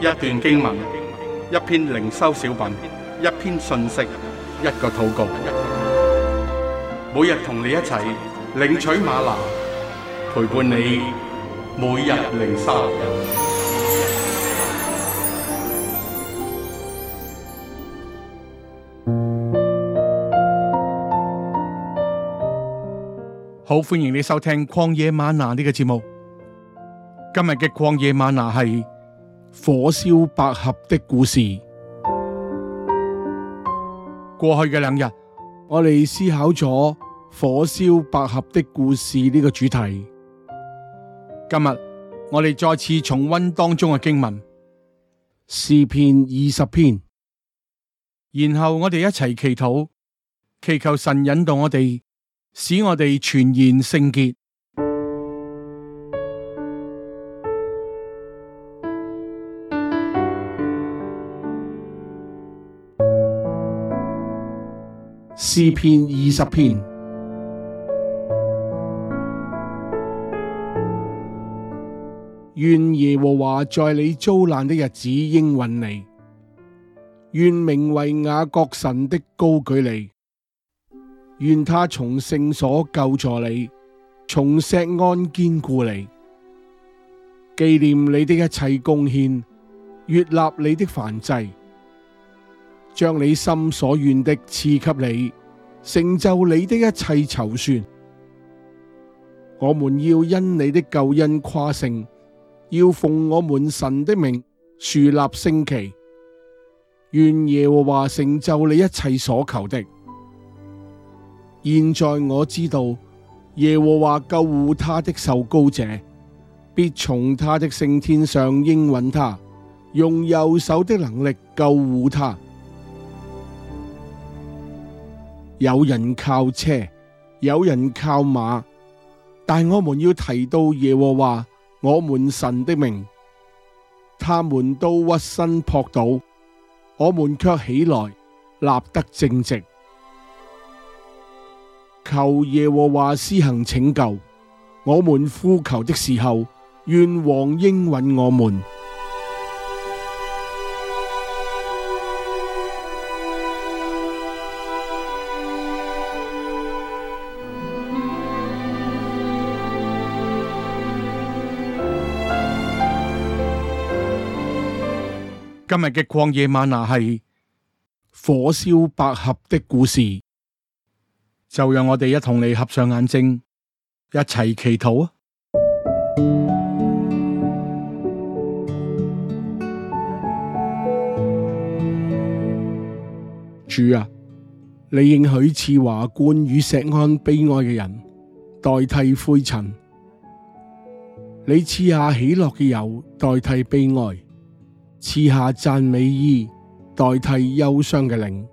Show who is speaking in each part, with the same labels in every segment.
Speaker 1: 一段經文，一篇靈修小品，一篇信息，一個禱告。每日同你一齊領取嗎哪，陪伴你每日靈修。好，歡迎你收聽曠野嗎哪呢個節目。今日嘅曠野嗎哪係。《火燒百合》的故事。過去嘅兩日，我哋思考咗《火燒百合》的故事呢個主題。今日我哋再次重溫當中嘅經文，詩篇二十篇，然後我哋一齊祈禱，祈求神引導我哋，使我哋全然聖潔。詩篇二十篇，願耶和華在你遭難的日子應允你，願名為雅各神的高舉你，願他從聖所救助你，從錫安堅固你，紀念你的一切貢獻，悅納你的燔祭。將你心所願的賜給你，成就你的一切籌算。我們要因你的救恩誇勝，要奉我們神的名豎立旌旗。願耶和華成就你一切所求的。現在我知道，耶和華救護他的受膏者，必從他的聖天上應允他，用右手的能力救護他。有人靠車，有人靠馬，但我們要提到耶和華，我們神的名，他們都屈身撲倒，我們卻起來立得正直。求耶和華施行拯救，我們呼求的時候，願王應允我們。今日嘅曠野嗎哪，係《火燒百合》的故事，就讓我哋一同嚟，合上眼睛，一齊祈禱啊！主啊，你應許賜華冠與錫安悲哀嘅人，代替灰塵；你賜下喜樂嘅油，代替悲哀。賜下讚美衣，代替憂傷嘅靈，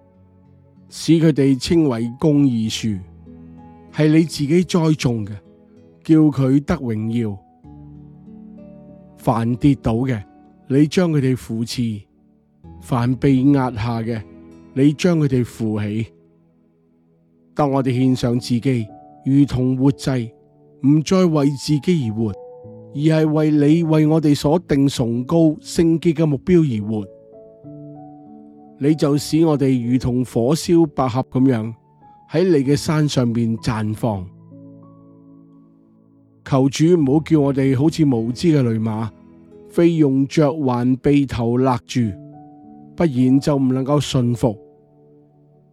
Speaker 1: 使佢哋稱為公義樹，係你自己栽種嘅，叫佢得榮耀。凡跌倒嘅，你將佢哋扶持；凡被壓下嘅，你將佢哋扶起。當我哋獻上自己，如同活祭，唔再為自己而活。而係為你為我哋所定崇高聖潔嘅目標而活，你就使我哋如同火燒百合咁樣喺你嘅山上面綻放。求主唔好叫我哋好似無知嘅騾馬，非用嚼環轡頭勒住，不然就唔能夠順服。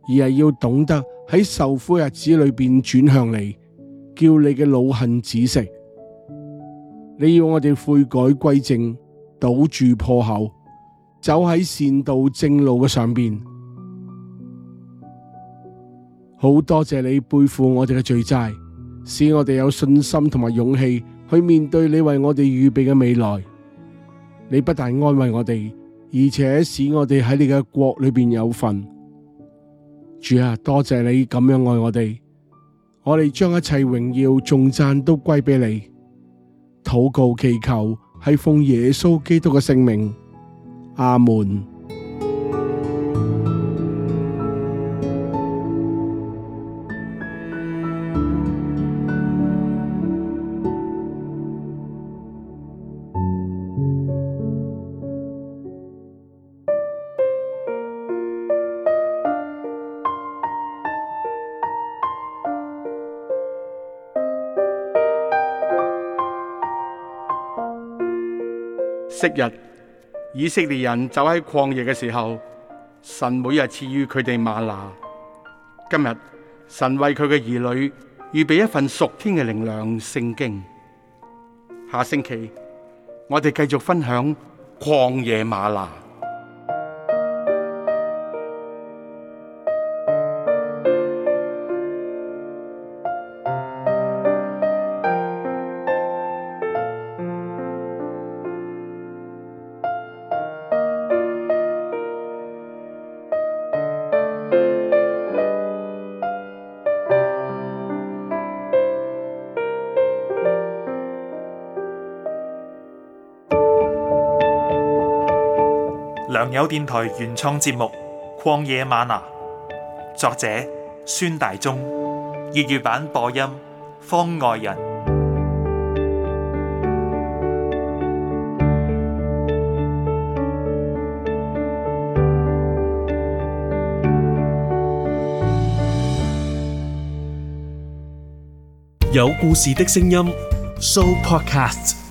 Speaker 1: 而係要懂得喺受苦日子裏邊轉向你，叫你嘅老恨止息。你要我哋悔改歸正，堵住破口，走喺善道正路嘅上邊。好多謝你背負我哋嘅罪債，使我哋有信心同埋勇氣去面對你為我哋預備嘅未來。你不但安慰我哋，而且使我哋喺你嘅國裏邊有份。主啊，多謝你咁樣愛我哋，我哋將一切榮耀頌讚都歸俾你。禱告祈求，係奉耶穌基督嘅聖名，阿門。昔日以色列人走喺曠野嘅時候，神每日賜予佢哋嗎哪。今日神為佢嘅兒女預備一份屬天嘅靈糧聖經。下星期我哋繼續分享曠野嗎哪。良友電台原創節目《曠野嗎哪》，作者孫大中，粵語版播音方外人，有故事的聲音，Show Podcast。